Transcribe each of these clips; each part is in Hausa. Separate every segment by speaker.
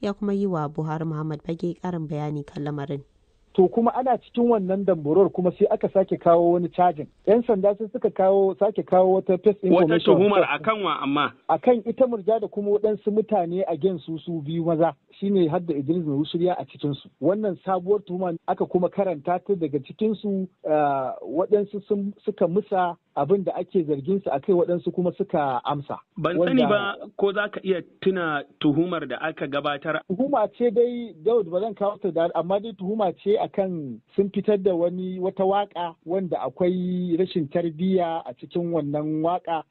Speaker 1: ya kuma yi wa buhari muhammad Bage karin bayani kan lamarin
Speaker 2: to kuma ana cikin wannan damburar kuma sai aka sake kawo wani cajin yan sanda sai suka kawo sake kawo wata face information wata tuhumar akan wa amma akan ita murja da kuma waɗansu mutane a gen su su biyu maza shine hadda Idris mai wusuriya a cikinsu. Wannan sabuwar tuhuma aka kuma karanta ta daga cikinsu eh, waɗansu suka musa abin da ake zargin su akai waɗansu kuma suka amsa.
Speaker 3: Ban sani ba ko za ka iya tuna tuhumar da aka gabatar.
Speaker 2: Tuhuma ce dai Daud ba zan kawo ta da amma dai tuhuma ce akan sun fitar da wani wata waka wanda akwai rashin tarbiyya a cikin wannan waka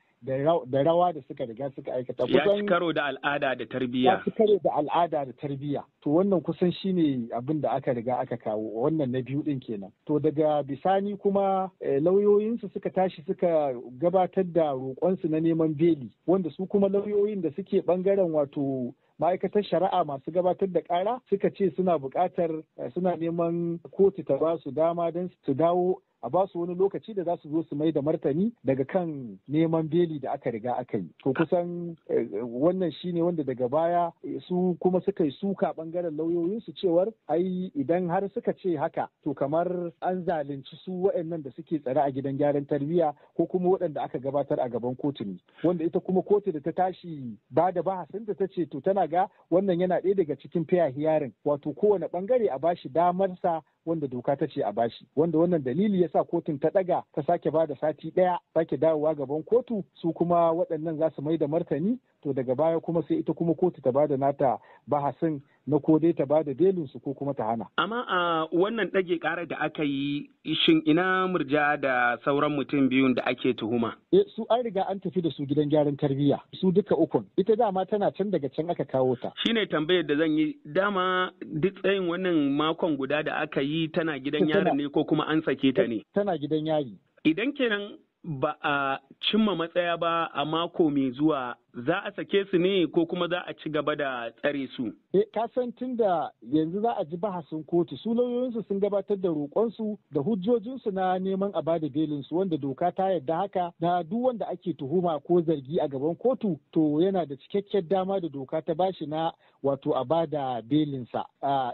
Speaker 2: da rawa da suka riga suka aikata. Ya ci
Speaker 3: karo da al'ada da tarbiyya. Ya
Speaker 2: ci karo da al'ada da tarbiyya. To wannan kusan shine abin da aka riga aka kawo wannan na biyu din kenan. To daga bisani kuma eh, lauyoyinsu suka tashi suka gabatar da roƙonsu na neman beli wanda su kuma lauyoyin da suke bangaren wato ma'aikatar shari'a masu gabatar da ƙara, suka ce suna buƙatar eh, suna neman kotu ta ba su dama don su dawo a ba su wani lokaci da za su zo su mai da martani daga kan neman beli da aka riga aka yi to kusan eh, wannan shine wanda daga baya eh, su kuma suka yi suka bangaren lauyoyin su cewar ai idan har suka ce haka to kamar an zalunci su waɗannan da suke tsare a gidan gyaran tarbiyya ko kuma waɗanda aka gabatar a gaban kotu ne wanda ita kuma kotu da ta tashi ba da bahasin da ta ce to tana ga wannan yana ɗaya daga cikin fair wato kowane bangare a bashi damar sa. wanda doka ta ce a bashi wanda wannan dalili yasa kotun ta daga ta sake bada sati daya sake dawowa gaban kotu su kuma waɗannan za su mai da martani to daga baya kuma sai ita kuma kotu ta bada da nata bahasin na ko dai ta ba da su ko kuma ta hana.
Speaker 3: Amma a wannan ɗage ƙara da aka yi shin ina murja da sauran mutum biyun da ake tuhuma? E, su an
Speaker 2: riga an tafi da su gidan gyaran tarbiyya su duka ukun ita dama tana can daga can aka kawo ta.
Speaker 3: Shine tambayar da zan yi dama duk tsayin wannan makon guda da aka yi tana gidan yari ne ko kuma an sake ta ne? Tana gidan yari. Idan kenan ba a cimma matsaya ba a mako mai zuwa za a sake su ne ko kuma za a ci gaba da tsare su?
Speaker 2: Eh, ka san tun da yanzu za a ji bahasin kotu su lauyoyinsu sun gabatar da roƙonsu da hujjojinsu na neman a bada belinsu wanda doka ta yarda haka na duk wanda ake tuhuma ko zargi a gaban kotu to yana da cikakken dama da doka ta bashi na wato a bada belinsa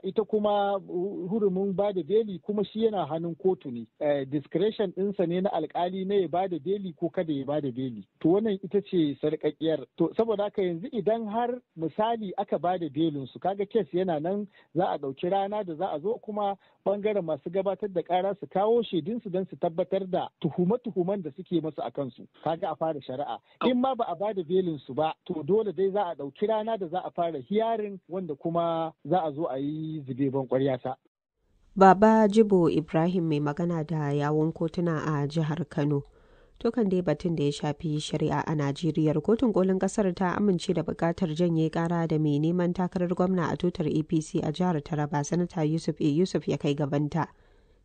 Speaker 2: ita kuma hurumin bada beli kuma shi yana hannun kotu ne discretion ɗinsa ne na alkali na ya bada beli ko kada ya bada beli to wannan ita ce sarƙaƙiyar To saboda haka yanzu idan har misali aka ba da su kaga kes yana nan za a ɗauki rana da za a zo kuma bangaren masu gabatar da kara su kawo shaidunsu don su tabbatar da tuhume tuhuman da suke masu a kansu kaga a fara shari'a. In ma ba a bada da su ba to dole dai za a ɗauki rana da za a fara hiyarin wanda kuma za a zo a yi zube ban ta.
Speaker 1: Baba Jibo Ibrahim mai magana da yawon kotuna a jihar Kano. tokan dai batun da ya shafi shari'a a Najeriya kotun kolin kasar ta amince da bukatar janye kara da mai neman takarar gwamna a tutar APC a jihar Taraba sanata Yusuf e Yusuf ya kai gabanta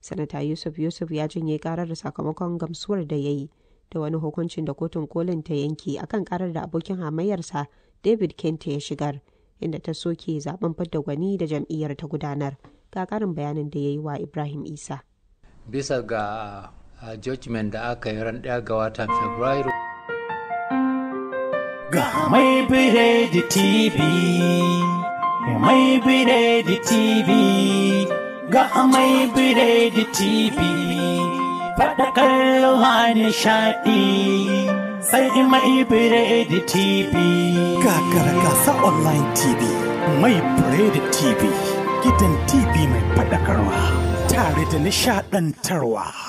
Speaker 1: sanata Yusuf Yusuf ya janye karar sakamakon gamsuwar da ya yi da wani hukuncin da kotun kolin ta yanke akan karar da abokin hamayyarsa David kenta ya shigar inda ta soke zaben fidda gwani da jam'iyyar ta gudanar ga karin bayanin da ya yi wa Ibrahim Isa
Speaker 2: bisa ga a judgment da aka yi ran ɗaya ga watan fabrairu
Speaker 3: ga mai biredi tv mai biredi tv ga mai biredi tv faɗakar ruwa nishaɗi sai mai biredi tv gara gasa online tv mai biredi tv gidan tv mai faɗakarwa tare da nishaɗantarwa